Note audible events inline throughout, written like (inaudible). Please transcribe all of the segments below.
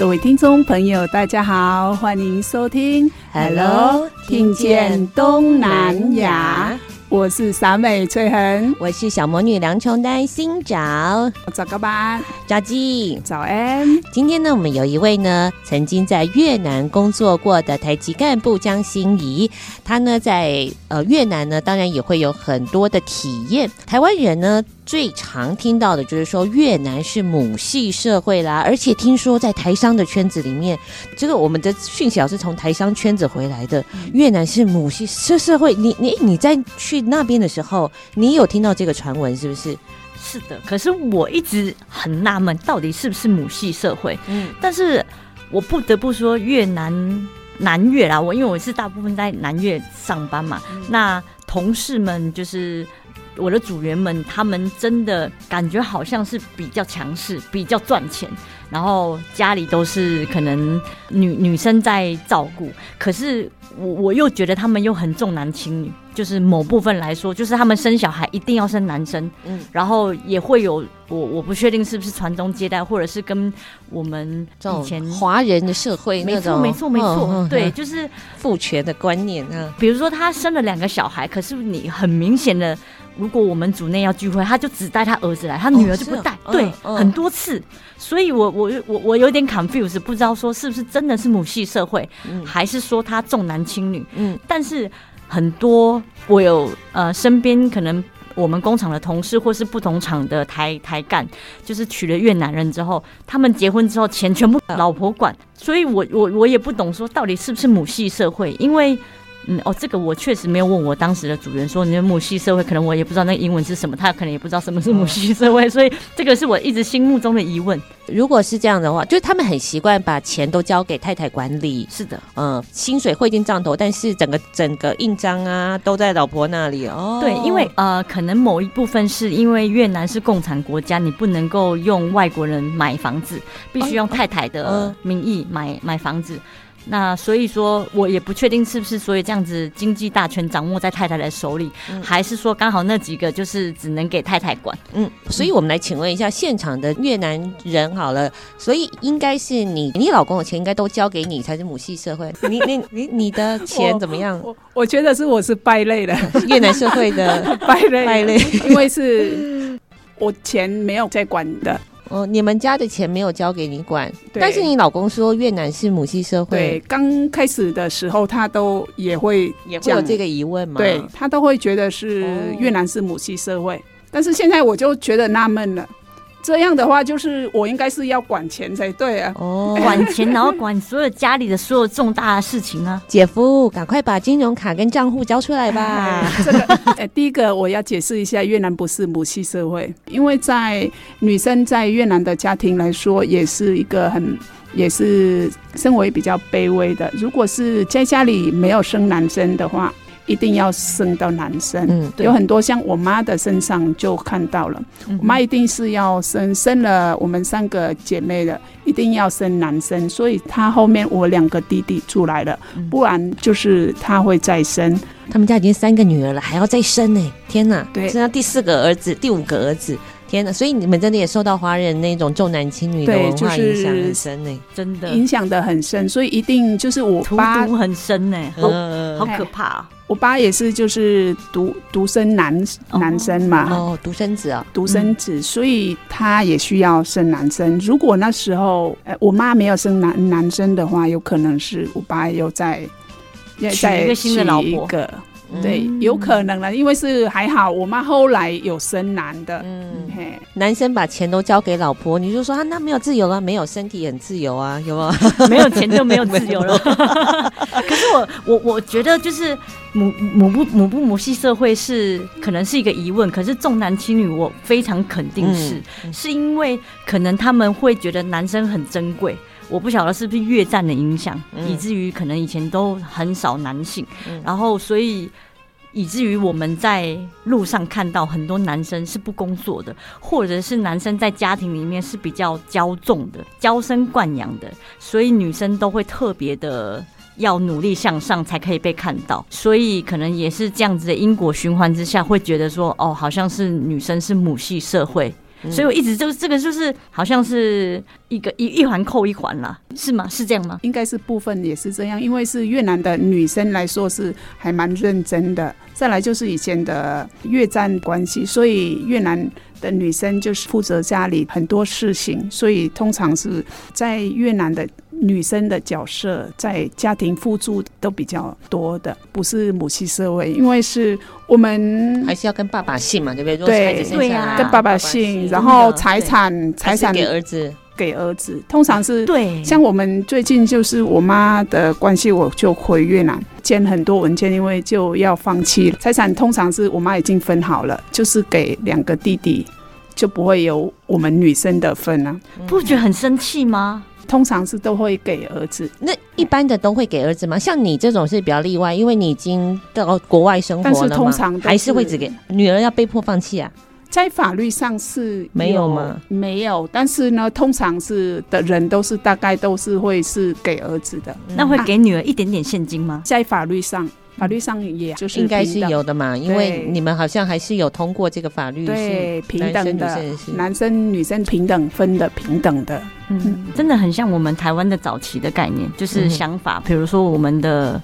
各位聽眾朋友，大家好，歡迎收聽《Hello 聽見東南亞》南亞。我是陽氏萃恆，我是小魔女梁瓊的新找，早個吧，早雞，早安。早安。今天呢，我們有一位呢，曾經在越南工作過的台籍幹部江欣怡，她呢在呃越南呢，當然也會有很多的體驗。台灣人呢。最常聽到的就是說越南是母系社會啦，而且聽說在台商的圈子裡面，這個我們的訊息是從台商圈子回來的。嗯、越南是母系社社會，你你你在去那邊的時候，你有聽到這個傳聞是不是？是的，可是我一直很納悶，到底是不是母系社會？嗯，但是我不得不說，越南南越啦，我因為我是大部分在南越上班嘛，嗯、那同事們就是。我的組員們，他們真的感覺好像是比較強勢、比較賺錢，然後家裡都是可能女女生在照顧。可是我我又覺得他們又很重男輕女，就是某部分來說，就是他們生小孩一定要生男生。嗯，然後也會有我我不確定是不是傳宗接代，或者是跟我們以前華人的社會那種沒錯沒錯沒錯、嗯、對，嗯、就是父權的觀念啊。嗯，比如說他生了兩個小孩，可是你很明顯的。如果我們組內要聚會，他就只帶他兒子來，他女兒就不帶。哦哦、對，嗯、很多次，所以我我我我有點 confused，不知道說是不是真的是母系社會，嗯、還是說他重男輕女？嗯，但是很多我有呃身邊可能我們工廠的同事，或是不同廠的台台幹，就是娶了越南人之後，他們結婚之後錢全部老婆管，嗯、所以我我我也不懂說到底是不是母系社會，因為。嗯哦，這個我確實沒有問我當時的主人說，你的母系社會，可能我也不知道那個英文是什麼，他可能也不知道什麼是母系社會， (laughs) 所以這個是我一直心目中的疑問。如果是這樣的話，就是他們很習慣把錢都交給太太管理。是的，嗯、呃，薪水匯進帳頭，但是整個整個印章啊都在老婆那裡。哦，對，因為呃，可能某一部分是因為越南是共產國家，你不能夠用外國人買房子，必須用太太的、哦、呃、名義買買房子。那所以說，我也不確定是不是所以這樣子經濟大權掌握在太太的手裡，嗯、還是說剛好那幾個就是只能給太太管。嗯，所以我們來請問一下現場的越南人好了，所以應該是你你老公的錢應該都交給你才是母系社會。你你你你的錢怎麼樣？我我，我覺得是我是敗類的， (laughs) 越南社會的敗類敗類， (laughs) 因為是我錢沒有在管的。哦，你們家的錢沒有交給你管，對但是你老公說越南是母系社會。對，剛開始的時候他都也會也會有這個疑問嘛。對，他都會覺得是越南是母系社會，哦、但是現在我就覺得納悶了。這樣的話，就是我應該是要管錢才對啊！哦，管錢，然後管所有家裡的所有重大的事情啊！姐夫，趕快把金融卡跟賬戶交出來吧！哎、這個、哎，第一個我要解釋一下，越南不是母系社會，因為在女生在越南的家庭來說，也是一個很，也是身為比較卑微的。如果是在家裡沒有生男生的話，一定要生到男生，嗯、有很多像我媽的身上就看到了。對我媽一定是要生生，了我們三個姐妹的，一定要生男生，所以她後面我兩個弟弟出來了，不然就是她會再生。他們家已經三個女兒了，還要再生哎、欸！天吶、啊，生到對第四個兒子、第五個兒子，天吶、啊！所以你們真的也受到華人那種重男輕女的影、欸、對就是影響很深、欸、真的，真的影響的很深，所以一定就是我爸荼毒很深哎、欸，好、oh, 嗯，好可怕、啊。我爸也是，就是獨獨生男男生嘛，哦，獨生子啊，獨生子，嗯、所以他也需要生男生。如果那時候，呃，我媽沒有生男男生的話，有可能是我爸又在在再娶一個老婆。嗯、對，有可能了，因為是還好，我媽後來有生男的。嗯嘿，男生把錢都交給老婆，你就說啊，那沒有自由了，沒有身體很自由啊，有啊， (laughs) 沒有錢就沒有自由了。 (laughs) 可是我我我覺得就是母母不母不母系社會是可能是一個疑問，可是重男輕女我非常肯定是，嗯、是因為可能他們會覺得男生很珍貴。我不曉得是不是越戰的影響，嗯、以至於可能以前都很少男性，嗯、然後所以以至於我們在路上看到很多男生是不工作的，或者是男生在家庭裡面是比較驕縱的、嬌生慣養的，所以女生都會特別的要努力向上才可以被看到，所以可能也是這樣子的因果循環之下，會覺得說哦，好像是女生是母系社會。所以我一直就這個就是好像是一個一一環扣一環了，是嗎？是這樣嗎？應該是部分也是這樣，因為是越南的女生來說是還蠻認真的。再來就是以前的越戰關係，所以越南的女生就是負責家裡很多事情，所以通常是在越南的。女生的角色在家庭付出都比較多的，不是母系社會，因為是我們還是要跟爸爸姓嘛，對不對？對呀，對啊、跟爸爸姓，爸爸姓然後財產對財產給兒子，給兒子，通常是。對。像我們最近就是我媽的關係，我就回越南簽很多文件，因為就要放棄、嗯、財產。通常是我媽已經分好了，就是給兩個弟弟，就不會有我們女生的份啊。嗯、不覺得很生氣嗎？通常是都會給兒子，那一般的都會給兒子嗎？像你這種是比較例外，因為你已經到國外生活了嗎？但是通常是，還是會只給女兒要被迫放棄啊？在法律上是有沒有嗎？沒有，但是呢，通常是的人都是大概都是會是給兒子的，嗯、那會給女兒一點點現金嗎？在法律上。法律上也就是應該是有的嘛，對因為你們好像還是有通過這個法律是，是對平等的，男生女生平等分的平等的，嗯，嗯真的很像我們台灣的早期的概念，就是想法，嗯、哼比如說我們的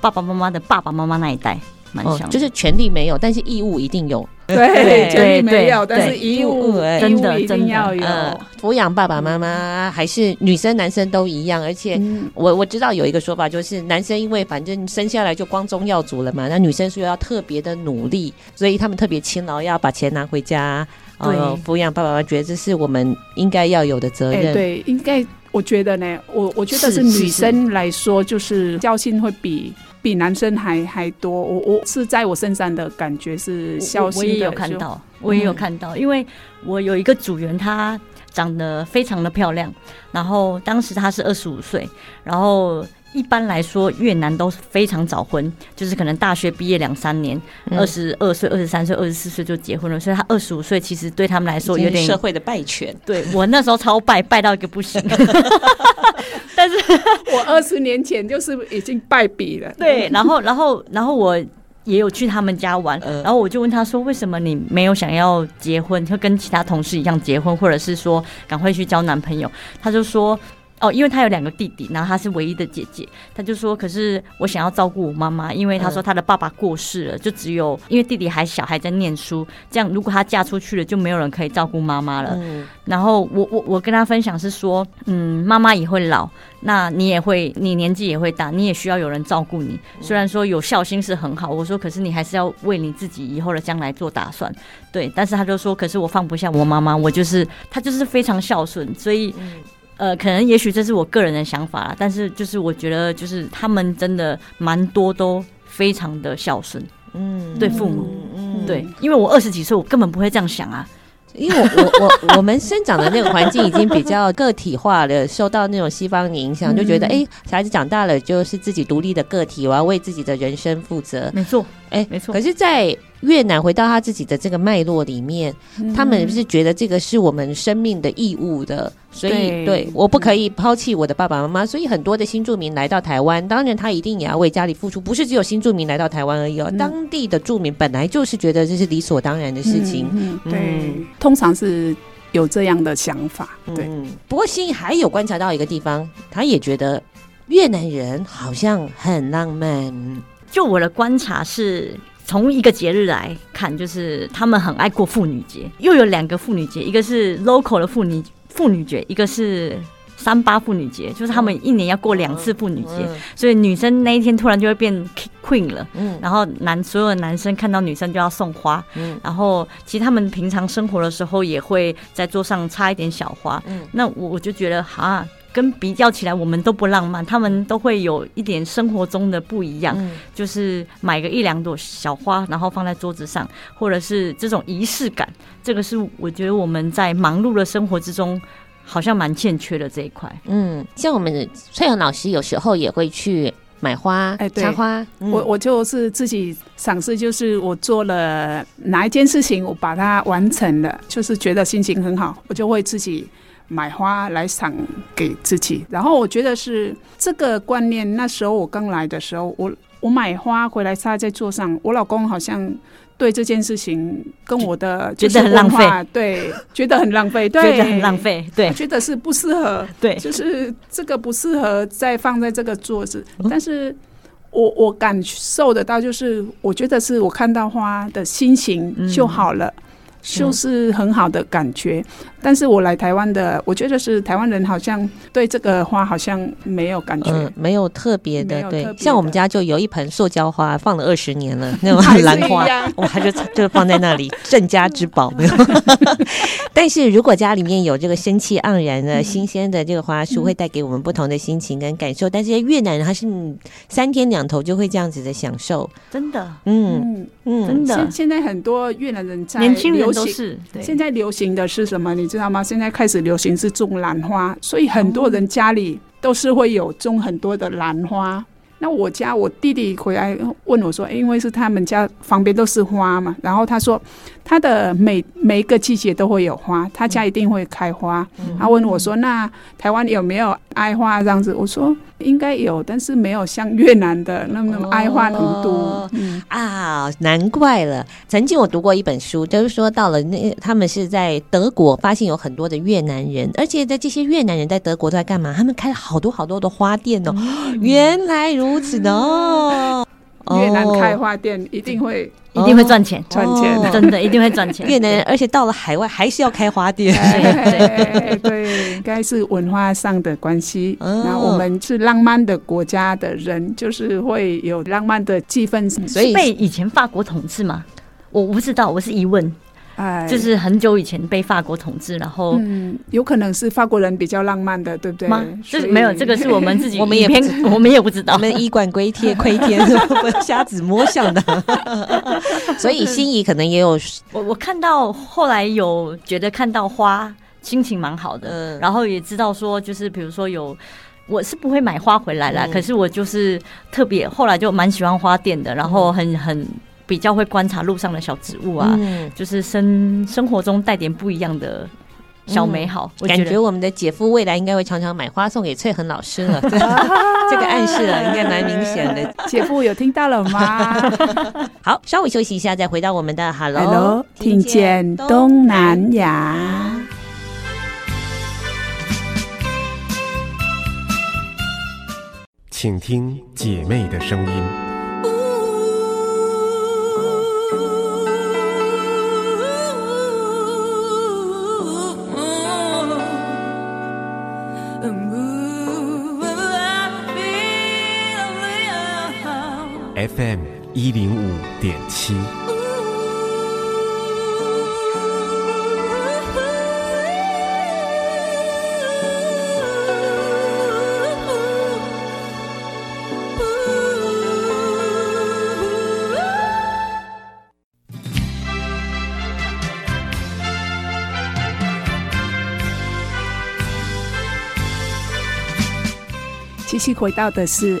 爸爸媽媽的爸爸媽媽那一代。哦，就是權利沒有，但是義務一定有。 (laughs) 對，權利沒有，對對對，但是義務，真的一定要有。撫養、呃、爸爸媽媽還是女生、男生都一樣，嗯、而且我我知道有一個說法，就是男生因為反正生下來就光宗耀祖了嘛，嗯、那女生需要特別的努力，所以他們特別勤勞，要把錢拿回家，對，撫養、呃、爸爸媽媽，覺得這是我們應該要有的責任。欸、對，應該，我覺得呢，我我覺得是女生來說，就是教訓會比。比男生還還多，我我是在我身上的感覺是消息。我也有看到，我也有看到，因為我有一個組員，她長得非常的漂亮，然後當時她是二十五歲，然後。一般來說，越南都是非常早婚，就是可能大學畢業兩三年，二十二歲、二十三歲、二十四歲就結婚了。所以，他二十五歲其實對他們來說有點是社會的敗類。對，我那時候超敗敗到一個不行。但是，我二十年前就是已經敗筆了。對，然後，然後，然後我也有去他們家玩， (laughs) 然後我就問他說：“為什麼你沒有想要結婚，就跟其他同事一樣結婚，或者是說趕快去交男朋友？”他就說。哦，因為他有兩個弟弟，然後他是唯一的姐姐。他就說：“可是我想要照顧我媽媽，因為他說他的爸爸過世了，嗯、就只有因為弟弟還小，還在念書。這樣如果他嫁出去了，就沒有人可以照顧媽媽了。嗯”然後我我我跟他分享是說：“嗯，媽媽也會老，那你也會，你年紀也會大，你也需要有人照顧你。雖然說有孝心是很好，我說，可是你還是要為你自己以後的將來做打算。對，但是他就說：‘可是我放不下我媽媽，我就是他就是非常孝順，所以。嗯’呃，可能也許這是我個人的想法啦，但是就是我覺得，就是他們真的蠻多都非常的孝順，嗯，對父母，嗯嗯、對，因為我二十幾歲，我根本不會這樣想啊，因為我我我，我們生長的那個環境已經比較個體化了， (laughs) 受到那種西方的影響，就覺得哎，欸、小孩子長大了就是自己獨立的個體，我要為自己的人生負責，沒錯，哎，沒錯，可是，在越南回到他自己的這個脈絡裡面，他們是覺得這個是我們生命的義務的，嗯、所以對，對我不可以拋棄我的爸爸媽媽。嗯、所以很多的新住民來到台灣，當然他一定也要為家裡付出。不是只有新住民來到台灣而已哦，嗯、當地的住民本來就是覺得這是理所當然的事情。嗯嗯、對，嗯、通常是有這樣的想法。嗯、對，不過欣怡還有觀察到一個地方，他也覺得越南人好像很浪漫。就我的觀察是。從一個節日來看，就是他們很愛過婦女節，又有兩個婦女節，一個是 local 的婦女婦女節，一個是三八婦女節，就是他們一年要過兩次婦女節，嗯、所以女生那一天突然就會變 queen 了，嗯、然後男所有的男生看到女生就要送花，嗯、然後其實他們平常生活的時候也會在桌上插一點小花，嗯、那我我就覺得啊。哈跟比較起來，我們都不浪漫，他們都會有一點生活中的不一樣，嗯、就是買個一兩朵小花，然後放在桌子上，或者是這種儀式感，這個是我覺得我們在忙碌的生活之中好像蠻欠缺的這一塊。嗯，像我們萃恆老師有時候也會去買花，插、欸、對花。嗯、我我就是自己賞識，就是我做了哪一件事情，我把它完成了，就是覺得心情很好，我就會自己。買花來賞給自己，然後我覺得是這個觀念。那時候我剛來的時候，我我買花回來插在桌上，我老公好像對這件事情跟我的覺得很浪費，對， (laughs) 覺得很浪費，對，覺得很浪費，對，我覺得是不適合，對，就是這個不適合再放在這個桌子。嗯、但是我，我我感受得到，就是我覺得是我看到花的心情就好了。嗯就是很好的感覺，嗯、但是我來台灣的，我覺得是台灣人好像對這個花好像沒有感覺，嗯、沒有特別的，沒有特別的。對。像我們家就有一盆塑膠花，放了二十年了，那種蘭花，我還是它就，就放在那裡，鎮家之寶。沒有，但是如果家裡面有這個生氣盎然的、嗯、新鮮的這個花束，會帶給我們不同的心情跟感受。嗯、但是在越南人他是、嗯、三天兩頭就會這樣子的享受，真的，嗯。嗯嗯，真的，現現在很多越南人在年輕人都是，對，現在流行的是什麼，你知道嗎？現在開始流行是種蘭花，所以很多人家裡都是會有種很多的蘭花。那我家我弟弟回來問我說，因為是他們家旁邊都是花嘛，然後他說。他的每每一個季節都會有花，他家一定會開花。他、嗯、問我說：“嗯、那台灣有沒有愛花這樣子？”我說：“應該有，但是沒有像越南的那麼，那麼愛花那麼多啊，難怪了。曾經我讀過一本書，就是說到了那他們是在德國發現有很多的越南人，而且在這些越南人在德國都在幹嘛？他們開了好多好多的花店哦。嗯、原來如此的哦， (laughs) 越南開花店一定會。一定會賺錢，賺錢、哦、的，真的、哦、一定會賺錢。越南，而且到了海外還是要開花店， (laughs) 對，應該是文化上的關係。那、哦、我們是浪漫的國家的人，就是會有浪漫的氣氛。所以被以前法國統治嗎？我不知道，我是疑問。就是很久以前被法國統治，然後、嗯、有可能是法國人比較浪漫的，對不對？嘛，是以沒有這個是我們自己，我們也偏，我們也不知道，我們以管 (laughs) 窺天，窺天，瞎子摸象的。 (laughs) (laughs) 所以欣怡可能也有我，我看到後來有覺得看到花，心情蠻好的，然後也知道說，就是比如說有，我是不會買花回來了，嗯、可是我就是特別後來就蠻喜歡花店的，然後很很。嗯比較會觀察路上的小植物啊，嗯、就是生生活中帶點不一樣的小美好。嗯、我覺得感覺我們的姐夫未來應該會常常買花送給萃恆老師了，這個暗示了、啊、應該蠻明顯的。姐夫有聽到了嗎？ (laughs) (laughs) 好，稍微休息一下，再回到我們的 Hello，Hello 聽見東南亞，聽見東南亞請聽姐妹的聲音。零五點七，繼續回到的是。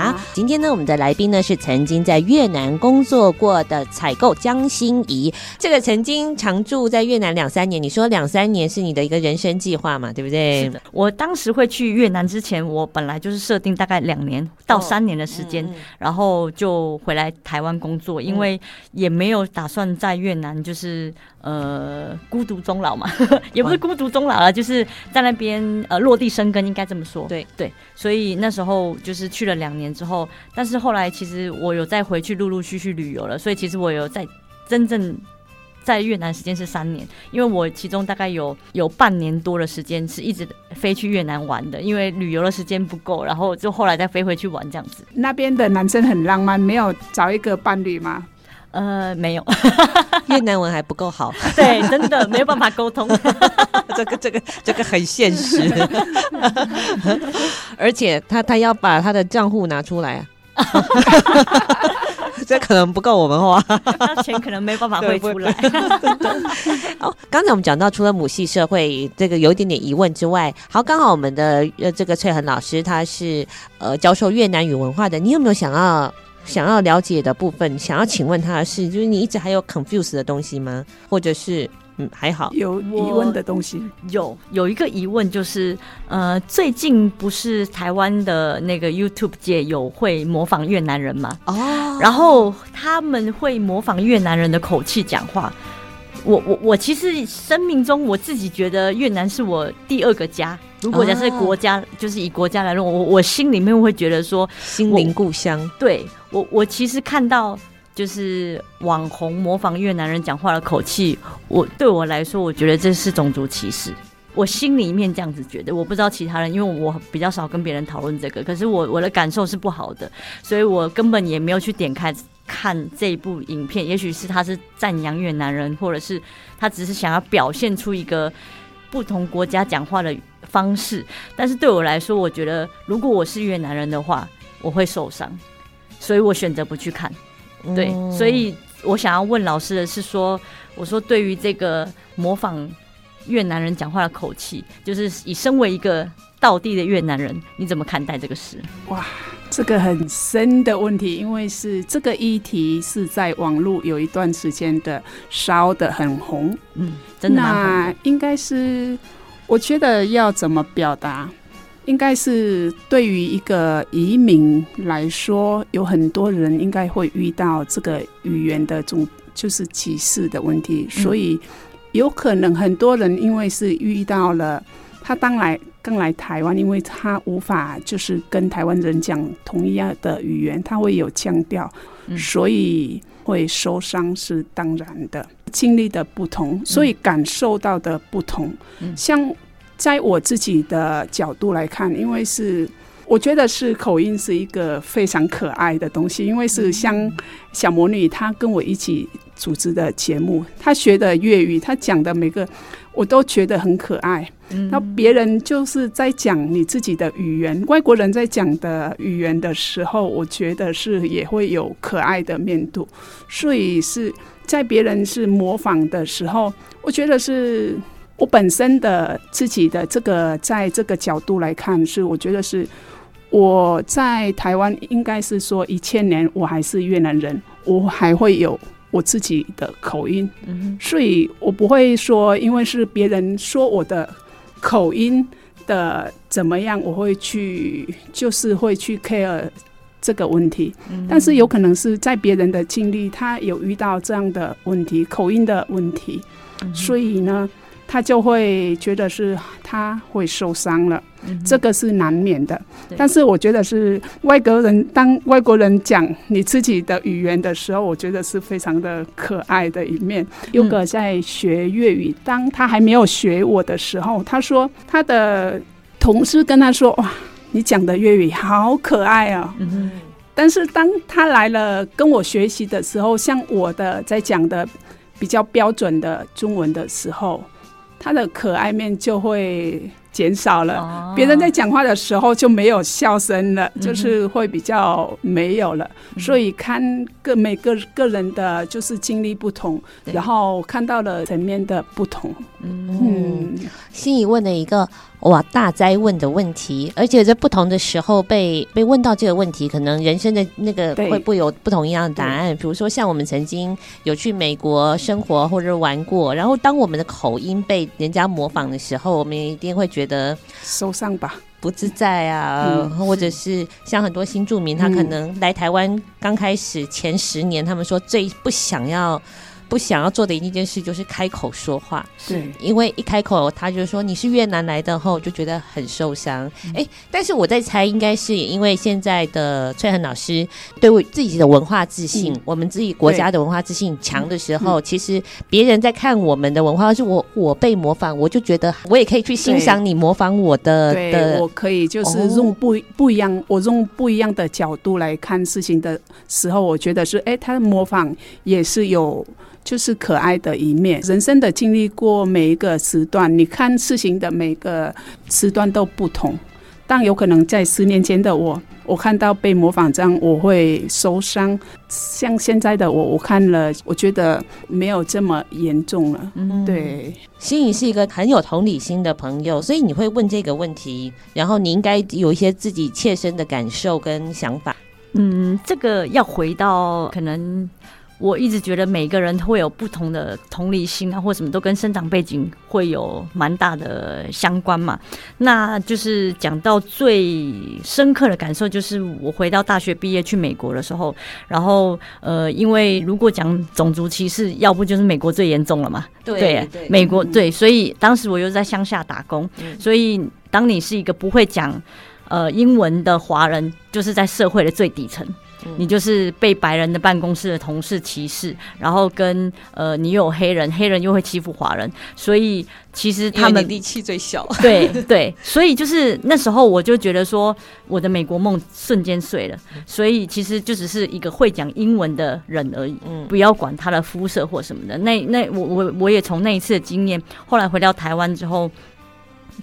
啊，今天呢，我們的來賓呢是曾經在越南工作過的採購江欣怡。這個曾經常住在越南兩三年，你說兩三年是你的一個人生計劃嘛？對不對？是的，我當時會去越南之前，我本來就是設定大概兩年到三年的時間，哦嗯嗯，然後就回來台灣工作，因為也沒有打算在越南就是呃孤獨終老嘛呵呵，也不是孤獨終老啊，嗯，就是在那邊呃落地生根，應該這麼說。對對，所以那時候就是去了兩年之後，但是後來其實我有再回去陸陸續續旅遊了，所以其實我有在真正在越南時間是三年，因為我其中大概有有半年多的時間是一直飛去越南玩的，因為旅遊的時間不夠，然後就後來再飛回去玩這樣子。那邊的男生很浪漫，沒有找一個伴侶嗎？呃，沒有， (laughs) 越南文還不夠好， (laughs) 對，真的沒有辦法溝通， (laughs) (laughs) 這個這個這個很現實， (laughs) 而且他他要把他的賬戶拿出來啊，這可能不夠我們花， (laughs) 錢可能沒辦法匯出來。 (laughs) (laughs) 好，剛才我們講到除了母系社會這個有一點點疑問之外，好，剛好我們的呃這個萃恆老師他是呃教授越南語文化的，你有沒有想要？想要了解的部分，想要請問他的是，就是你一直還有 confuse 的東西嗎？或者是，嗯，還好。有疑問的東西，有有一個疑問就是，呃，最近不是台灣的那個 YouTube 界有會模仿越南人嗎？哦、oh，然後他們會模仿越南人的口氣講話。我我我其實生命中我自己覺得越南是我第二個家。如果假設國家，Oh. 就是以國家來論，我我心裡面會覺得說心靈故鄉。對我我其實看到就是網紅模仿越南人講話的口氣，我對我來說我覺得這是種族歧視。我心裡面這樣子覺得，我不知道其他人，因為我比較少跟別人討論這個。可是我我的感受是不好的，所以我根本也沒有去點開。看這部影片，也許是他是贊揚越南人，或者是他只是想要表現出一個不同國家講話的方式。但是對我來說，我覺得如果我是越南人的話，我會受傷，所以我選擇不去看。對，嗯、所以我想要問老師的是說：說我說對於這個模仿越南人講話的口氣，就是以身為一個道地的越南人，你怎麼看待這個事？哇！這個很深的問題，因為是這個議題是在網絡有一段時間的燒得很紅，嗯，真的蠻紅的。那應該是我覺得要怎麼表達，應該是對於一個移民來說，有很多人應該會遇到這個語言的這種就是歧視的問題，所以有可能很多人因為是遇到了他，當然。剛來台灣，因為他無法就是跟台灣人講同樣的語言，他會有腔調，所以會受傷是當然的。經歷的不同，所以感受到的不同。像在我自己的角度來看，因為是我覺得是口音是一個非常可愛的東西，因為是像小魔女她跟我一起組織的節目，她學的粵語，她講的每個。我都覺得很可愛，嗯，那別人就是在講你自己的語言，外國人在講的語言的時候，我覺得是也會有可愛的面度，所以是在別人是模仿的時候，我覺得是我本身的自己的這個在這個角度來看，是我覺得是我在台灣應該是說一千年我還是越南人，我還會有。我自己的口音，嗯、哼所以我不會說，因為是別人說我的口音的怎麼樣，我會去就是會去 care 這個問題。嗯、哼但是有可能是在別人的經歷，他有遇到這樣的問題，口音的問題，嗯、哼所以呢。他就會覺得是他會受傷了，嗯、哼這個是難免的。對但是我覺得是外國人，當外國人講你自己的語言的時候，我覺得是非常的可愛的一面。優格在學粵語，當他還沒有學我的時候，他說他的同事跟他說：“哇，你講的粵語好可愛啊、喔！”嗯、哼但是當他來了跟我學習的時候，像我的在講的比較標準的中文的時候。他的可愛面就會減少了，別、啊、人在講話的時候就沒有笑聲了，嗯、哼就是會比較沒有了。嗯、哼所以看個每個個人的就是經歷不同，嗯、哼然後看到了層面的不同。對嗯，欣怡問了一個。哇，大哉問的問題，而且在不同的時候被被問到這個問題，可能人生的那個會不會有不同一樣的答案。對比如說，像我們曾經有去美國生活或者玩過，對然後當我們的口音被人家模仿的時候，我們也一定會覺得受傷吧，不自在啊。嗯、或者是像很多新住民，他可能來台灣剛開始前十年，他們說最不想要。不想要做的一件事就是開口說話，是對因為一開口，他就說你是越南來的後，後就覺得很受傷。哎、嗯欸，但是我在猜，應該是也因為現在的萃恆老師對我自己的文化自信，嗯、我們自己國家的文化自信強的時候，對其實別人在看我們的文化，是我我被模仿，我就覺得我也可以去欣賞你模仿我的。對，對的我可以就是用不、哦、不一樣，我用不一樣的角度來看事情的時候，我覺得是哎、欸，他的模仿也是有。就是可愛的一面。人生的經歷過每一個時段，你看事情的每個時段都不同。但有可能在十年前的我，我看到被模仿這樣，我會受傷。像現在的我，我看了，我覺得沒有這麼嚴重了。嗯，對。欣怡是一個很有同理心的朋友，所以你會問這個問題，然後你應該有一些自己切身的感受跟想法。嗯，這個要回到可能。我一直覺得每個人會有不同的同理心啊，或什麼都跟生長背景會有蠻大的相關嘛。那就是講到最深刻的感受，就是我回到大學畢業去美國的時候，然後呃，因為如果講種族歧視，要不就是美國最嚴重了嘛。對對，美國對，所以當時我又在鄉下打工，嗯、所以當你是一個不會講呃英文的華人，就是在社會的最底層。你就是被白人的辦公室的同事歧視，然後跟呃，你有黑人，黑人又會欺負華人，所以其實他們你力氣最小對。對對，所以就是那時候我就覺得說，我的美國夢瞬間碎了。所以其實就只是一個會講英文的人而已，不要管他的膚色或什麼的。那那我我我也從那一次的經驗，後來回到台灣之後，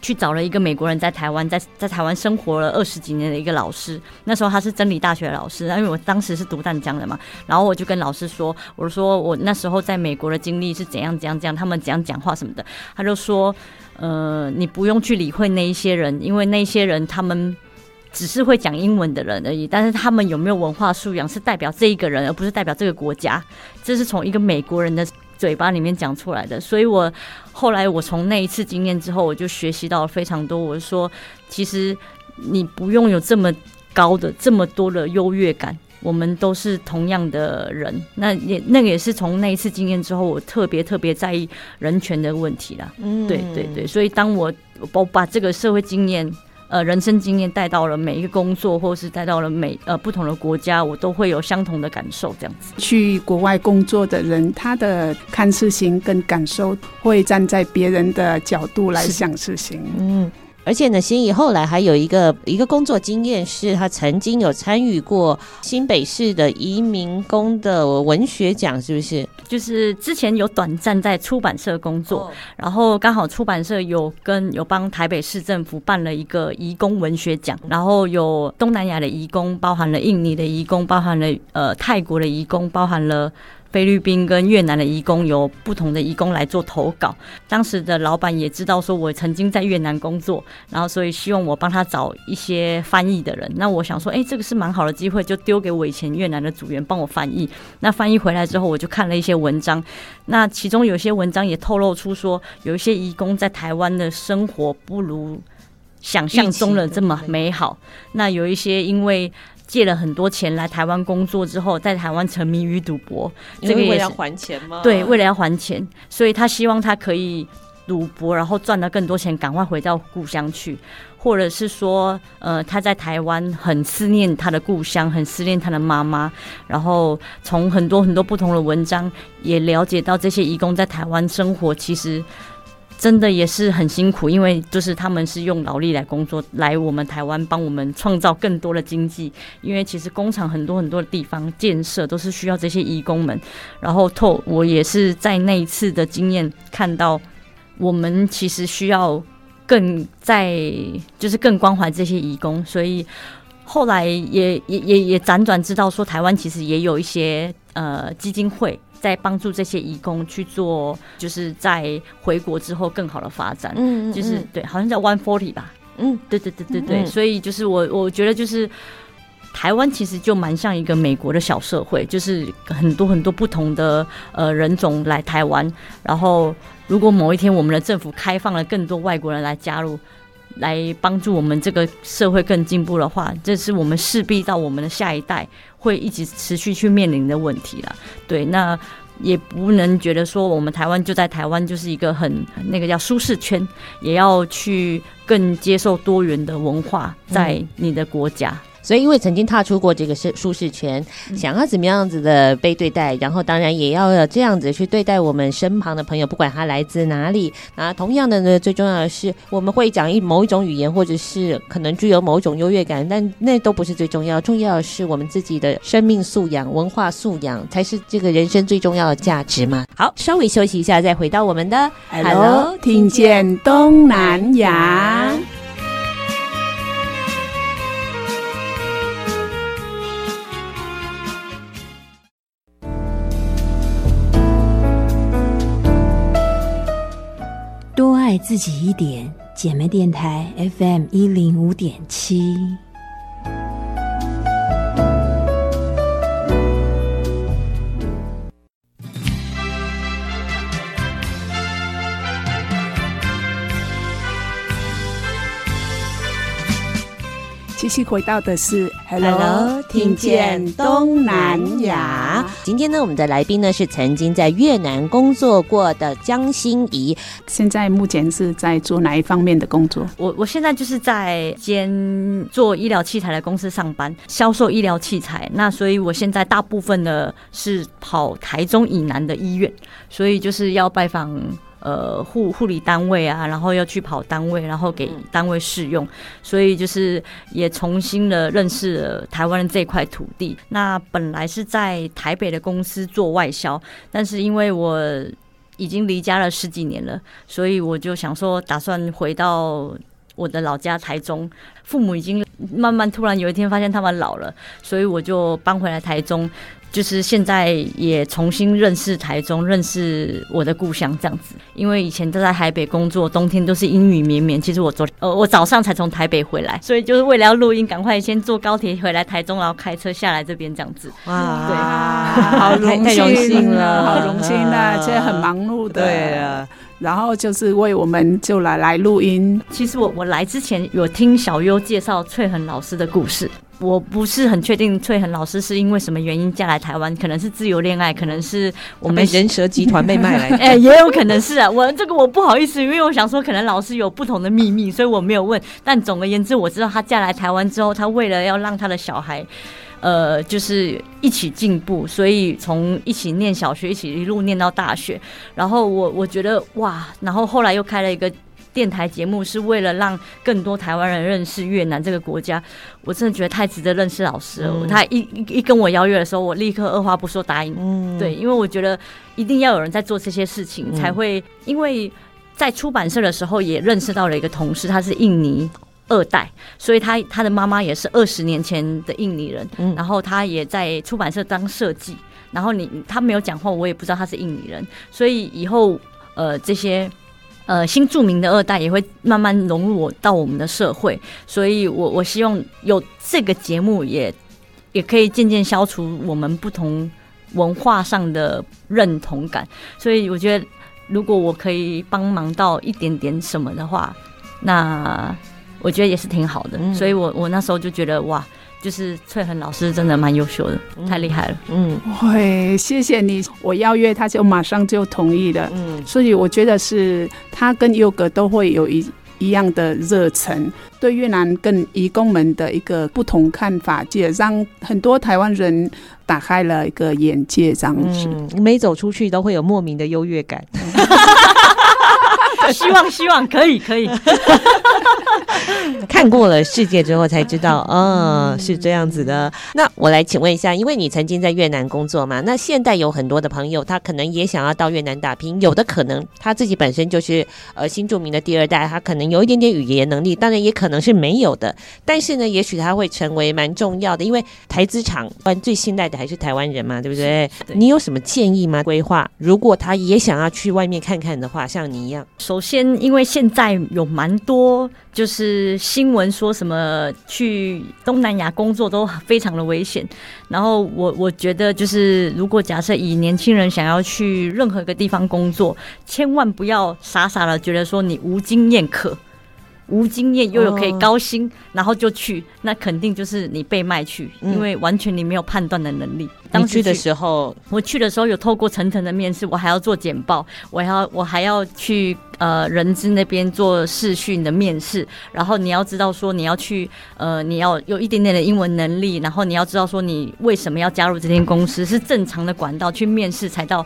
去找了一個美國人，在台灣，在在台灣生活了二十幾年的一個老師。那時候他是真理大學的老師，因為我當時是讀淡江的嘛，然後我就跟老師說，我說我那時候在美國的經歷是怎樣怎樣怎樣，他們怎樣講話什麼的。他就說，呃，你不用去理會那一些人，因為那些人他們只是會講英文的人而已。但是他們有沒有文化素養，是代表這一個人，而不是代表這個國家。這是從一個美國人的。嘴巴裡面講出來的，所以我後來我從那一次經驗之後，我就學習到了非常多。我說，其實你不用有這麼高的、這麼多的優越感，我們都是同樣的人。那也那個也是從那一次經驗之後，我特別特別在意人權的問題啦。嗯，對對對，所以當我我把這個社會經驗。呃，人生經驗帶到了每一個工作，或是帶到了每呃不同的國家，我都會有相同的感受，這樣子。去國外工作的人，他的看事情跟感受，會站在別人的角度來想事情，嗯。而且呢，欣怡後來還有一個一個工作經驗，是他曾經有參與過新北市的移民工的文學獎，是不是？就是之前有短暫在出版社工作，oh. 然後剛好出版社有跟有幫台北市政府辦了一個移工文學獎，然後有東南亞的移工，包含了印尼的移工，包含了呃泰國的移工，包含了，菲律賓跟越南的移工，有不同的移工來做投稿。當時的老闆也知道說，我曾經在越南工作，然後所以希望我幫他找一些翻譯的人。那我想說，哎、欸，這個是蠻好的機會，就丟給我以前越南的組員幫我翻譯。那翻譯回來之後，我就看了一些文章，那其中有些文章也透露出說，有一些移工在台灣的生活不如想象中的這麼美好。那有一些因為。借了很多錢來台灣工作之後，在台灣沉迷於賭博。這個為了要還錢嗎？對，為了要還錢，所以他希望他可以賭博，然後賺到更多錢，趕快回到故鄉去，或者是說，呃，他在台灣很思念他的故鄉，很思念他的媽媽。然後從很多很多不同的文章也了解到，這些移工在台灣生活其實。真的也是很辛苦，因為就是他們是用勞力來工作，來我們台灣幫我們創造更多的經濟。因為其實工廠很多很多的地方建設都是需要這些移工們。然後透我也是在那一次的經驗看到，我們其實需要更在就是更關懷這些移工，所以後來也也也也輾轉知道說台灣其實也有一些呃基金會。在幫助這些移工去做，就是在回國之後更好的發展。嗯嗯，嗯，就是對，好像叫 One Forty 吧。嗯，對對對對對。嗯、所以就是我，我覺得就是台灣其實就蠻像一個美國的小社會，就是很多很多不同的呃人種來台灣。然後如果某一天我們的政府開放了更多外國人來加入，來幫助我們這個社會更進步的話，這是我們勢必到我們的下一代會一直持續去面臨的問題啦。對，那也不能覺得說我們台灣就在台灣就是一個很，那個叫舒適圈，也要去更接受多元的文化在你的國家。嗯所以，因為曾經踏出過這個舒舒適圈，嗯、想要怎麼樣子的被對待，然後當然也要這樣子去對待我們身旁的朋友，不管他來自哪裡那、啊、同樣的呢，最重要的是，我們會講一某一種語言，或者是可能具有某種優越感，但那都不是最重要。重要的是我們自己的生命素養、文化素養，才是這個人生最重要的價值嘛。嗯、好，稍微休息一下，再回到我們的 Hello，聽見東南亞。愛自己一點，姐妹電台 FM 一零五點七。回到的是 Hello，Hello 聽見東南亞。今天呢，我們的來賓呢是曾經在越南工作過的江欣怡。現在目前是在做哪一方面的工作？我我現在就是在兼做醫療器材的公司上班，銷售醫療器材。那所以我現在大部分呢是跑台中以南的醫院，所以就是要拜訪。呃，護護理單位啊，然後要去跑單位，然後給單位試用，所以就是也重新的認識了台灣的這塊土地。那本來是在台北的公司做外銷，但是因為我已經離家了十幾年了，所以我就想說，打算回到我的老家台中。父母已經慢慢突然有一天發現他們老了，所以我就搬回來台中。就是現在也重新認識台中，認識我的故鄉這樣子。因為以前都在台北工作，冬天都是陰雨綿綿。其實我昨天，呃，我早上才從台北回來，所以就是為了要錄音，趕快先坐高鐵回來台中，然後開車下來這邊這樣子。哇，對，啊、好榮幸， (laughs) 榮幸了好榮幸啊！現在、呃、很忙碌的，對了。然後就是為我們就來來錄音。其實我我來之前有聽小優介紹萃恆老師的故事。我不是很確定萃恆老師是因為什麼原因嫁來台灣，可能是自由戀愛，可能是我們人蛇集團被賣來，哎、欸，也有可能是啊。我這個我不好意思，因為我想說，可能老師有不同的秘密，所以我沒有問。但總而言之，我知道他嫁來台灣之後，他為了要讓他的小孩，呃，就是一起進步，所以從一起念小學，一起一路念到大學。然後我我覺得哇，然後後來又開了一個。電台節目是為了讓更多台灣人認識越南這個國家，我真的覺得太值得認識老師了。嗯，他一一跟我邀約的時候，我立刻二話不說答應。嗯，對，因為我覺得一定要有人在做這些事情，才會。嗯，因為在出版社的時候，也認識到了一個同事，他是印尼二代，所以他他的媽媽也是二十年前的印尼人。嗯，然後他也在出版社當設計。然後你他沒有講話，我也不知道他是印尼人，所以以後呃這些。呃，新住民的二代也會慢慢融入我到我們的社會，所以我，我我希望有這個節目也也可以漸漸消除我們不同文化上的認同感。所以，我覺得如果我可以幫忙到一點點什麼的話，那我覺得也是挺好的。嗯、所以我我那時候就覺得哇。就是萃恆老師真的蠻優秀的，太厲害了。嗯，嗯會謝謝你，我邀約他就馬上就同意了。嗯，所以我覺得是他跟優格都會有一一樣的熱忱，對越南跟移工們的一個不同看法，也讓很多台灣人打開了一個眼界。這樣子，嗯、每走出去都會有莫名的優越感。嗯 (laughs) (laughs) 希望希望可以可以，可以 (laughs) 看過了世界之後才知道，哦是這樣子的。那我來請問一下，因為你曾經在越南工作嘛，那現代有很多的朋友，他可能也想要到越南打拼，有的可能他自己本身就是呃新住民的第二代，他可能有一點點語言能力，當然也可能是沒有的。但是呢，也許他會成為蠻重要的，因為台資廠關最信賴的還是台灣人嘛，對不對？對你有什麼建議嗎？規劃，如果他也想要去外面看看的話，像你一樣首先，因為現在有蠻多就是新聞說什麼去東南亞工作都非常的危險，然後我我覺得就是如果假設以年輕人想要去任何一個地方工作，千萬不要傻傻的覺得說你無經驗可。無經驗又有可以高薪，oh. 然後就去，那肯定就是你被賣去，因為完全你沒有判斷的能力。嗯、當時去的時候，我去的時候有透過層層的面試，我還要做簡報，我還要，我還要去呃人資那邊做視訊的面試。然後你要知道說你要去呃，你要有一點點的英文能力，然後你要知道說你為什麼要加入這間公司，是正常的管道去面試才到，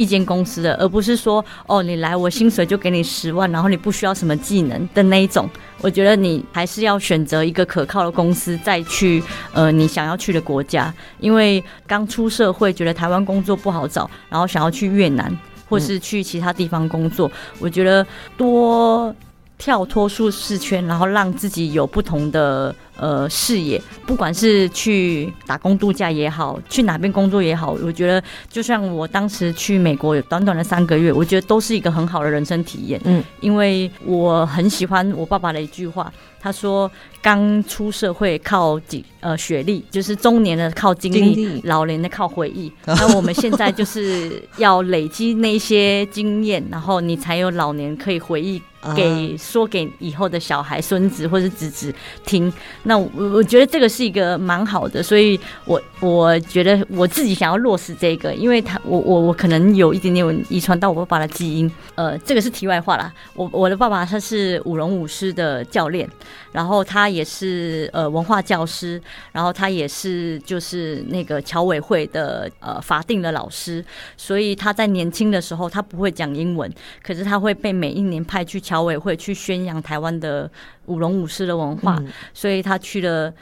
一間公司的，而不是說哦，你來我薪水就給你十萬，然後你不需要什麼技能的那一種。我覺得你還是要選擇一個可靠的公司，再去呃你想要去的國家。因為剛出社會，覺得台灣工作不好找，然後想要去越南或是去其他地方工作，嗯、我覺得多。跳脫舒適圈，然後讓自己有不同的呃視野，不管是去打工度假也好，去哪邊工作也好，我覺得就像我當時去美國有短短的三個月，我覺得都是一個很好的人生體驗。嗯，因為我很喜歡我爸爸的一句話，他說，剛出社會靠幾呃學歷，就是中年的靠經歷，經歷老年的靠回憶。 (laughs) 那我們現在就是要累積那些經驗，然後你才有老年可以回憶給、啊、說給以後的小孩、孫子或者侄子聽。那我我覺得這個是一個蠻好的，所以我我覺得我自己想要落實這個，因為他我我我可能有一點點遺傳到我爸爸的基因。呃，這個是題外話啦。我我的爸爸他是舞龍舞獅的教練，然後他。他也是呃文化教師，然後他也是就是那個僑委會的呃法定的老師，所以他在年輕的時候，他不會講英文，可是他會被每一年派去僑委會去宣揚台灣的舞龍舞獅的文化，嗯、所以他去了。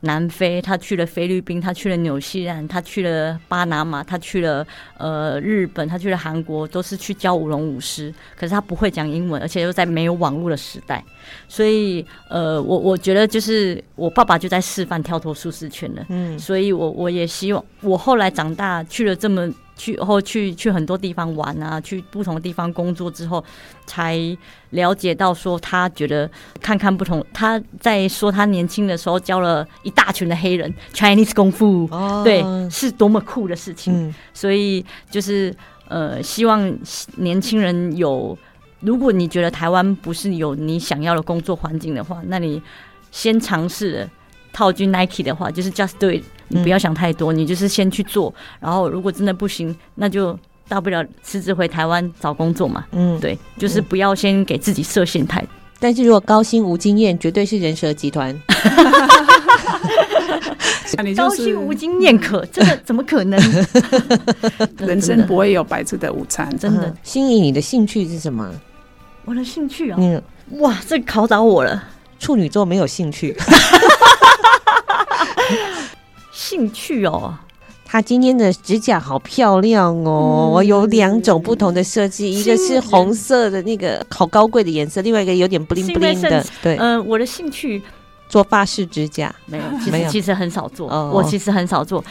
南非，他去了菲律賓，他去了紐西蘭，他去了巴拿馬，他去了呃日本，他去了韓國，都是去教舞龍舞獅。可是他不會講英文，而且又在沒有網絡的時代，所以呃，我我覺得就是我爸爸就在示範跳脫舒適圈了。嗯，所以我我也希望我後來長大去了這麼。去，然後去去很多地方玩啊，去不同的地方工作之後，才了解到說他覺得看看不同，他在說他年輕的時候教了一大群的黑人 Chinese 功夫，對，是多麼酷的事情。嗯、所以就是呃，希望年輕人有，如果你覺得台灣不是有你想要的工作環境的話，那你先嘗試套句 Nike 的話，就是 Just Do It。你不要想太多，你就是先去做，然後如果真的不行，那就大不了辭職回台灣找工作嘛。嗯，對，就是不要先給自己設限太多。但是如果高薪無經驗，絕對是人蛇集團。 (laughs) (laughs) 高薪無經驗可，真的怎麼可能？ (laughs) 人生不會有白吃的午餐，真的。嗯、真的。欣怡，你的興趣是什麼？我的興趣啊，哇，這考倒我了。處女座沒有興趣。 (laughs) 興趣哦，他今天的指甲好漂亮哦，我、嗯、有兩種不同的設計，嗯、一個是紅色的那個，好高貴的顏色，另外一個有點 bling bling 的。my sense, 對，嗯、呃，我的興趣做法式指甲沒有，其沒有其實很少做，哦、我其實很少做。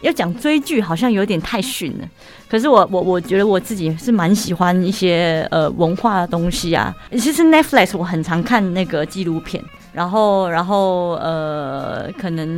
要講追劇好像有點太遜了，可是我我我覺得我自己是蠻喜歡一些呃文化的東西啊。其實 Netflix 我很常看那個紀錄片。然後，然後，呃，可能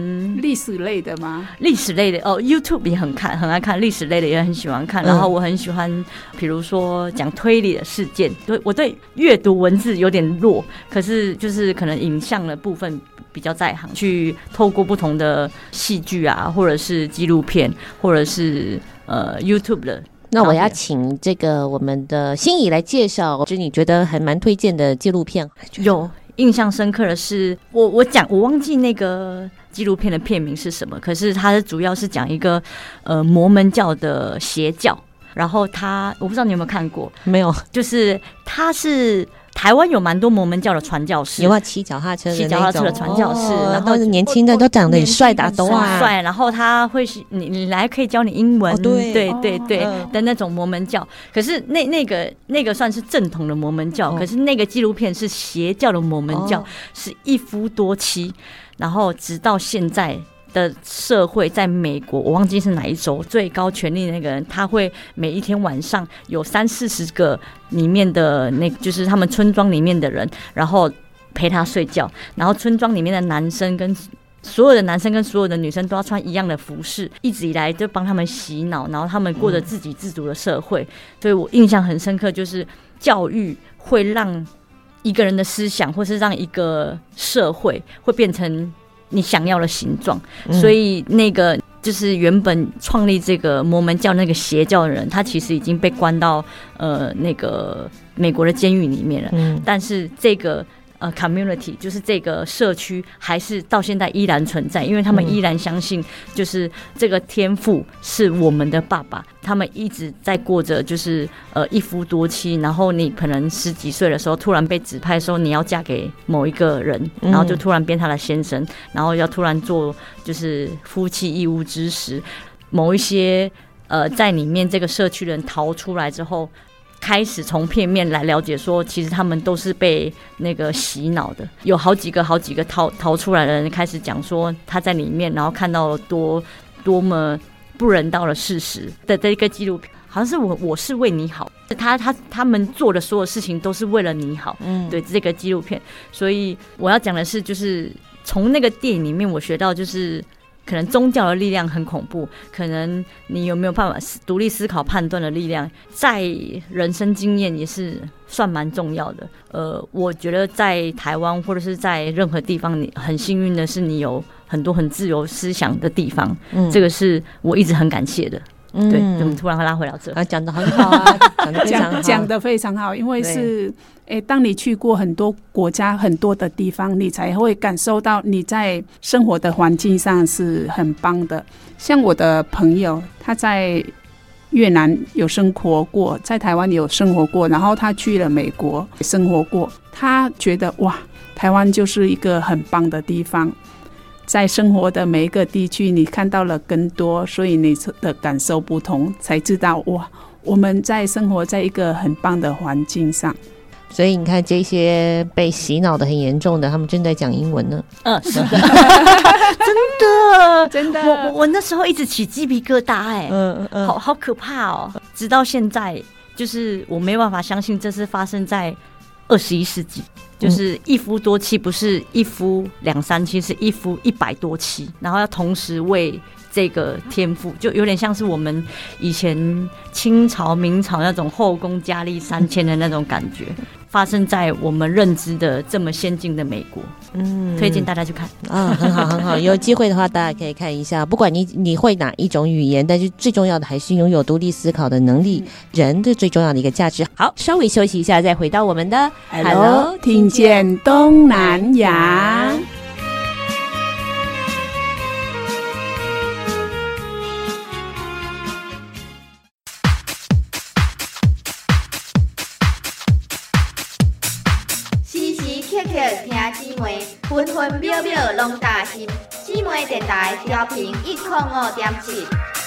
歷史類的嗎？歷史類的哦、oh，YouTube 也很看，很愛看歷史類的，也很喜歡看。嗯、然後我很喜歡，比如說講推理的事件。對，我對閱讀文字有點弱，可是就是可能影像的部分比較在行。去透過不同的戲劇啊，或者是紀錄片，或者是呃 YouTube 的。那我要請這個我們的欣怡來介紹，就是你覺得還蠻推薦的紀錄片有。就是印象深刻的是，我我講我忘記那個紀錄片的片名是什麼，可是它主要是講一個，呃，摩門教的邪教，然後他我不知道你有沒有看過，沒有，就是他是。台灣有蠻多摩門教的傳教士，有啊，騎腳踏車的，騎腳踏車的傳教士，哦、然後年輕的、哦哦、都長得很帥的、啊，都啊，帥。然後他會是你你來可以教你英文，哦、對，對對對對、哦、的那種摩門教。可是那那個那個算是正統的摩門教，哦、可是那個紀錄片是邪教的摩門教，哦、是一夫多妻，然後直到現在。的社會在美國，我忘記是哪一州，最高權力的那個人，他會每一天晚上有三四十個裡面的那，就是他們村莊裡面的人，然後陪他睡覺。然後村莊裡面的男生跟所有的男生跟所有的女生都要穿一樣的服飾，一直以來就幫他們洗腦，然後他們過着自給自足的社會。嗯、所以我印象很深刻，就是教育會讓一個人的思想，或是讓一個社會會，會變成。你想要的形狀，所以那個就是原本創立這個摩門教那個邪教的人，他其實已經被關到呃那個美國的監獄裡面了。嗯、但是這個。呃，community 就是這個社區，還是到現在依然存在，因為他們依然相信，就是這個天父是我們的爸爸。他們一直在過着，就是呃一夫多妻。然後你可能十幾歲的時候，突然被指派說你要嫁給某一個人，然後就突然變他的先生，然後要突然做就是夫妻義務之時。某一些呃，在裡面這個社區人逃出來之後。開始從片面來了解說，說其實他們都是被那個洗腦的。有好幾個、好幾個逃逃出來的人開始講說他在裡面，然後看到了多多麼不人道的事實的這一個紀錄片，好像是我我是為你好，他他他，他們做的所有事情都是為了你好。嗯，對，這個紀錄片，所以我要講的是，就是從那個電影裡面我學到就是。可能宗教的力量很恐怖，可能你有沒有辦法獨立思考判斷的力量，在人生經驗也是算蠻重要的。呃，我覺得在台灣或者是在任何地方，你很幸運的是你有很多很自由思想的地方。嗯，這個是我一直很感謝的。對嗯，對，我突然會拉回了。這，他講得很好啊，講講得非常好，常好，因為是對、欸，當你去過很多國家、很多的地方，你才會感受到你在生活的環境上是很棒的。像我的朋友，他在越南有生活過，在台灣有生活過，然後他去了美國也生活過，他覺得哇，台灣就是一個很棒的地方。在生活的每一個地區，你看到了更多，所以你的感受不同，才知道哇，我們在生活在一個很棒的環境上。所以你看，這些被洗腦的很嚴重的，他們正在講英文呢。嗯、呃，是的， (laughs) (laughs) 真的，真的。我我我那時候一直起雞皮疙瘩、欸，哎、呃，嗯嗯嗯，好好可怕哦。直到現在，就是我沒辦法相信這是發生在二十一世紀。就是一夫多妻，不是一夫兩三妻，是一夫一百多妻，然後要同時為。這個天賦就有點像是我們以前清朝、明朝那種後宮佳麗三千的那種感覺，發生在我們認知的這麼先進的美國。嗯，推薦大家去看啊，很、哦、好很好，好，好， (laughs) 有機會的話大家可以看一下。不管你你會哪一種語言，但是最重要的還是擁有獨立思考的能力，嗯、人的最重要的一個價值。好，稍微休息一下，再回到我們的 Hello，聽見東南亞。秒秒攏擔心，姊妹電台調頻一零零五點七。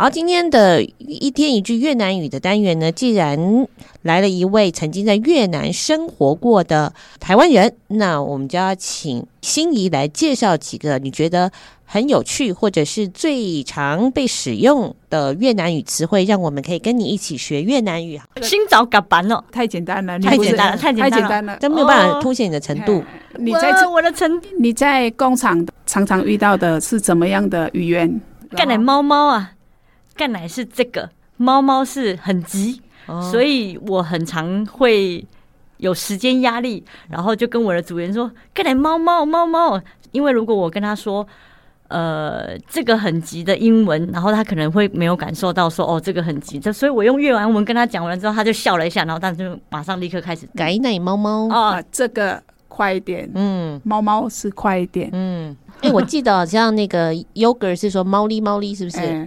好，今天的一天一句越南語的單元呢，既然來了一位曾經在越南生活過的台灣人，那我們就要請欣怡來介紹幾個你覺得很有趣或者是最常被使用的越南語詞彙，讓我們可以跟你一起學越南語。新早下板哦，太簡單了，太簡單了，太簡單了，真沒有辦法凸顯你的程度。哦、你在我的城，你在工廠常常遇到的是怎麼樣的語言？ (laughs) 干點貓貓啊。干奶是這個，貓貓是很急，哦、所以我很常會有時間壓力，嗯、然後就跟我的組員說：“干奶貓貓貓貓。”因為如果我跟他說，呃，這個很急的英文，然後他可能會沒有感受到說哦，這個很急。所以，我用越南文跟他講完之後，他就笑了一下，然後他就馬上立刻開始干奶貓貓啊，這個快一點，嗯，貓貓是快一點，嗯，哎、欸，我記得好像那個 yogurt 是說貓咪貓咪，是不是？ (laughs) 嗯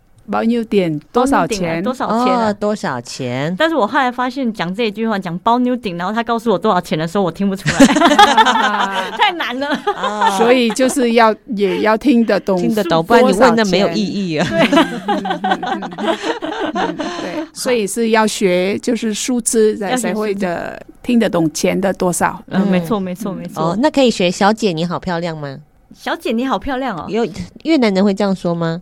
包妞頂多少錢？多少錢？多少錢？但是我後來發現，講這一句話，講包妞頂，然後他告訴我多少錢的時候，我聽不出來，太難了。所以就是要也要聽得懂，聽得懂，不然你問那沒有意義啊。對，所以是要學，就是數字，才會的聽得懂錢的多少。嗯，沒錯，沒錯，沒錯。哦，那可以學。小姐你好漂亮嗎？小姐你好漂亮哦。有越南人會這樣說嗎？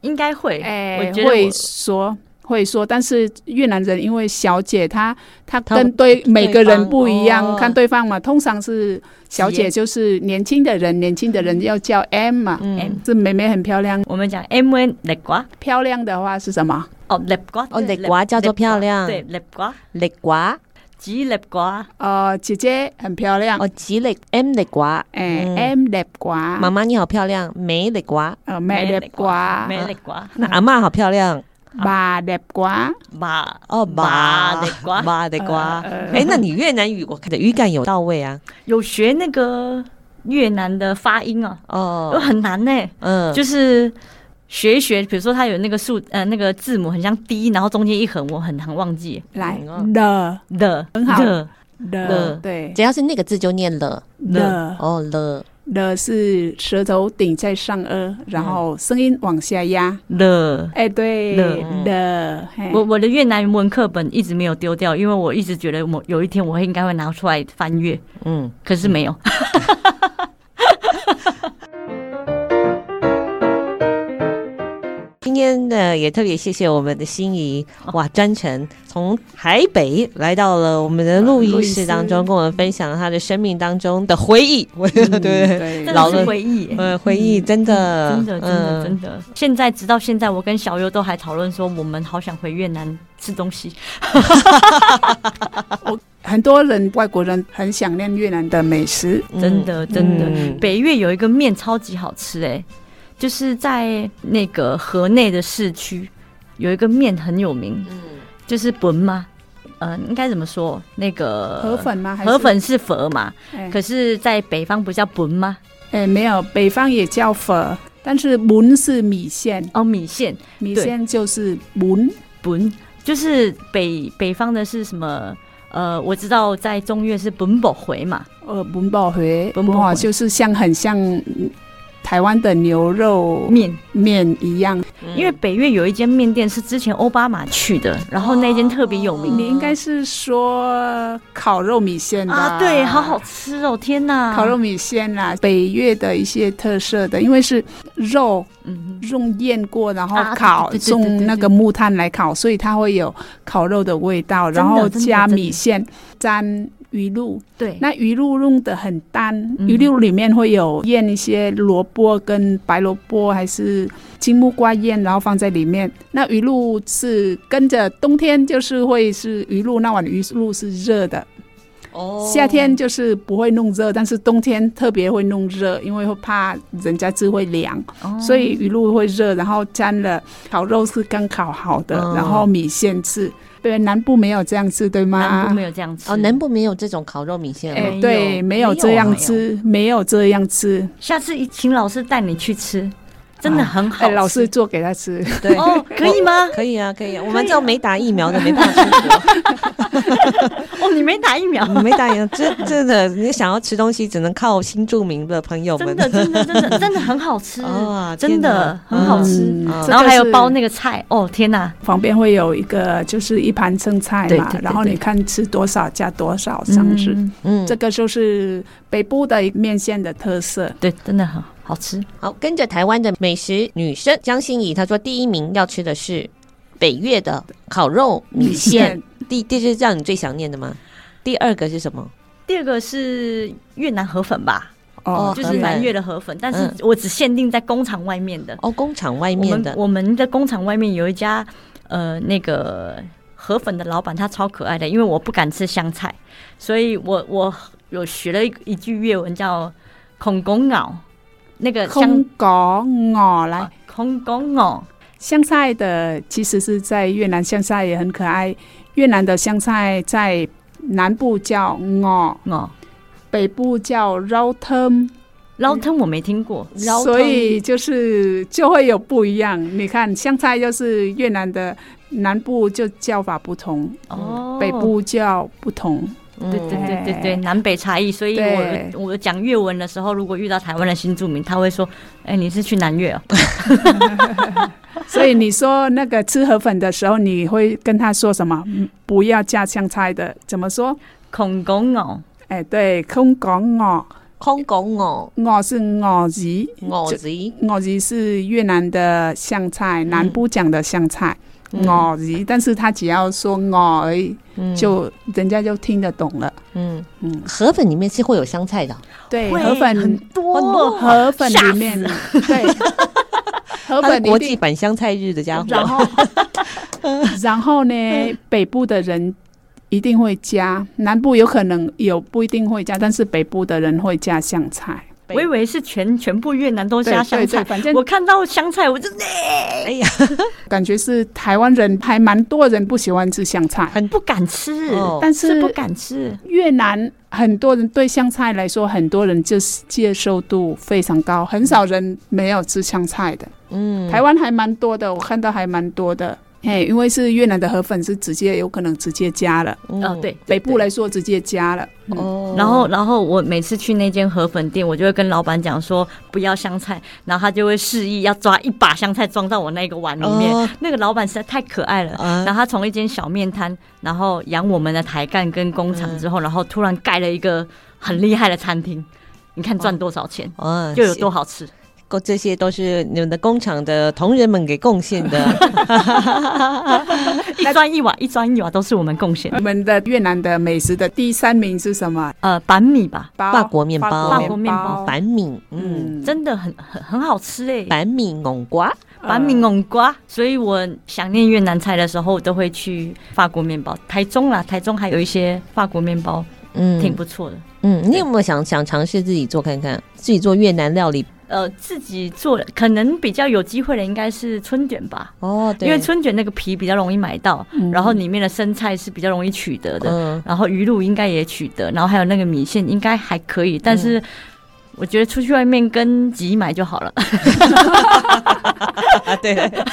應該會，哎，會說會說，但是越南人因為小姐她她跟對每個人不一樣，對看對方嘛，通常是小姐就是年輕的人，哦、年輕的人要叫 M 嘛，嗯，是妹妹很漂亮。我們講 M N 麗瓜，漂亮的話是什麼？哦，麗瓜哦，就是麗瓜叫做漂亮，對，麗瓜麗瓜吉叻瓜，呃，姐姐很漂亮。哦，吉叻 M 叻瓜，誒，M 叻瓜。媽媽你好漂亮，美叻瓜，呃，美叻瓜，美叻瓜。那阿嬤好漂亮，巴叻瓜，巴哦巴叻瓜，巴叻瓜。哎，那你越南語，我看的語感有到位啊，有學那個越南的發音啊，哦，都很難呢，嗯，就是。學一學，比如說它有那個數呃，那個字母很像 d，然後中間一橫，我很難忘記。來，的的，很好，的的，對，只要是那個字就念了的哦，了的是舌頭頂在上顎，然後聲音往下壓的。哎，對的。的，我我的越南文課本一直沒有丟掉，因為我一直覺得我有一天我會應該會拿出來翻閱。嗯，可是沒有。今天呢，也特別謝謝我們的欣怡哇，專程從台北來到了我們的錄音室當中，跟我們分享了他的生命當中的回憶。對，老的回憶。呃，回憶真的，真的，真的，真的。現在直到現在，我跟小優都還討論說，我們好想回越南吃東西。我很多人，外國人很想念越南的美食，真的，真的。北越有一個麵超級好吃，哎。就是在那個河內的市區，有一個麵很有名，嗯，就是本嗎？嗯、呃，應該怎麼說？那個河粉嗎？河粉是佛嘛？欸、可是在北方不叫本嗎？哎、欸，沒有，北方也叫佛。但是本是米線哦，米線，米線就是本，本對，就是北北方的是什麼？呃，我知道在中越是本寶回嘛，呃，本寶回，本寶回就是像很像。台灣的牛肉麵麵一樣，因為北越有一間麵店是之前奧巴馬去的，然後那間特別有名的，啊、你應該是說烤肉米線的啊，對，好好吃哦，天哪，烤肉米線啦、啊，北越的一些特色的，因為是肉，肉過，嗯，用醃過然後烤，用、嗯、哼那個木炭來烤，所以它會有烤肉的味道，的然後加米線蘸魚露對，那魚露弄得很淡。嗯、哼魚露裡面會有醃一些蘿蔔跟白蘿蔔，還是青木瓜醃，然後放在裡面。那魚露是跟着冬天就是會是魚露，那碗魚露是熱的哦。Oh. 夏天就是不會弄熱，但是冬天特別會弄熱，因為會怕人家吃會涼，oh. 所以魚露會熱，然後沾了烤肉是剛烤好的，oh. 然後米線吃。對，南部沒有這樣吃，對嗎？南部沒有這樣吃哦，南部沒有這種烤肉米線。哎、欸，對，沒有這樣吃，沒有啊、沒有，沒有這樣吃。下次請老師帶你去吃。真的很好，老是做給他吃。對，哦，可以嗎？可以啊，可以。啊。我們這沒打疫苗的沒辦法出國。哦，你沒打疫苗，你沒打疫苗，真真的，你想要吃東西只能靠新著名的朋友們。真的，真的，真的，真的很好吃啊！真的很好吃。然後還有包那個菜哦，天哪！旁邊會有一個就是一盤生菜嘛，然後你看吃多少加多少上去。嗯，這個就是北部的麵線的特色。對，真的很好。好吃。好，跟着台灣的美食女生江欣怡，她說第一名要吃的是北越的烤肉米線。 (laughs) 第，這是讓你最想念的嗎？第二個是什麼？第二個是越南河粉吧，哦，就是南越的河粉，哦、河粉。但是我只限定在工廠外面的。哦，工廠外面的，我們的工廠外面有一家，呃，那個河粉的老闆他超可愛的，因為我不敢吃香菜，所以我我有學了一一句越文叫“孔公腦”。那個空港哦，來、啊、空香菜的其實是在越南，香菜也很可愛。越南的香菜在南部叫“哦哦五”，北部叫“繞湯”，撈湯我沒聽過，嗯、聽過，所以就是就會有不一樣。你看香菜，就是越南的南部就叫法不同，哦、嗯，北部叫不同。嗯、對對對對對，南北差異，所以我對我講越文的時候，如果遇到台灣的新住民，他會說：“欸、你是去南越哦。” (laughs) 所以你說那個吃河粉的時候，你會跟他說什麼？嗯、不要加香菜的，怎麼說？空港我、喔。哎、欸，對，空港鵝、喔，空港我我是我子，我子、餐，我子餐是越南的香菜，南部講的香菜。嗯哦，但是他只要說“哦”，就人家就聽得懂了。嗯嗯，河粉裡面是會有香菜的，對，河粉很多，河粉裡面，對，河粉國際版香菜日的家伙。然後，然後呢？北部的人一定會加，南部有可能有，不一定會加，但是北部的人會加香菜。我以為是全全部越南都加香菜，對對對，反正我看到香菜我就哎呀，感覺是台灣人還蠻多人不喜歡吃香菜，很不敢吃，嗯、但是，是不敢吃。越南很多人對香菜來說，很多人就是接受度非常高，很少人沒有吃香菜的。嗯，台灣還蠻多的，我看到還蠻多的。嘿，hey, 因為是越南的河粉，是直接有可能直接加了。哦，對，北部來說直接加了。哦，嗯、然後然後我每次去那間河粉店，我就會跟老闆講說不要香菜，然後他就會示意要抓一把香菜裝到我那個碗裡面。哦、那個老闆實在太可愛了。嗯、然後他從一間小麵攤，然後養我們的台幹跟工廠之後，嗯、然後突然蓋了一個很厲害的餐廳。你看賺多少錢？哦，就、哦、有多好吃。這些都是你們的工廠的同仁們給貢獻的， (laughs) (laughs) 一磚一瓦，一磚一瓦都是我們貢獻。你們的越南的美食的第三名是什麼？呃，板米吧，法國麵包，法國麵包，麵包嗯、板米，嗯，真的很很很好吃哎、欸，板米龍瓜，嗯、板米龍瓜。所以我想念越南菜的時候，我都會去法國麵包。台中啦，台中還有一些法國麵包，嗯，挺不錯的。嗯，你有沒有想對想嘗試自己做看看？自己做越南料理。呃，自己做可能比較有機會的應該是春卷吧。哦，oh, 對，因為春卷那個皮比較容易買到，嗯，然後裡面的生菜是比較容易取得的，嗯，然後魚露應該也取得，然後還有那個米線應該還可以，但是。嗯我覺得出去外面跟集買就好了。 (laughs) (laughs) (laughs) 對對對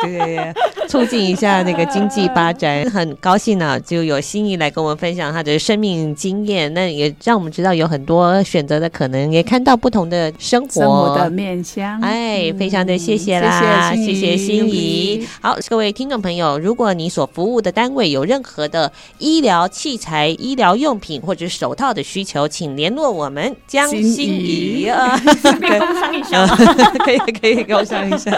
對對，對，促進一下那個經濟發展， (laughs) 很高興啊，就有欣怡來跟我們分享他的生命經驗，那也讓我們知道有很多選擇的可能，也看到不同的生活，生活的面相。哎，儀非常的謝謝啦，謝謝欣怡。好，各位聽眾朋友，如果你所服務的單位有任何的醫療器材、醫療用品或者手套的需求，請聯絡我們江欣怡。可以，可以給我想一下。可以，可以我想一下。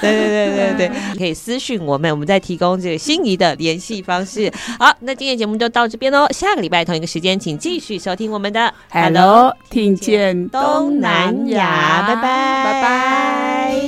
對對對對對，對， (laughs) 可以私信我們，我們再提供這個欣怡的聯繫方式。好，那今天節目就到這邊嘍。下個禮拜同一個時間，請繼續收聽我們的《Hello 聽見東南亞》南亞。拜拜，拜拜。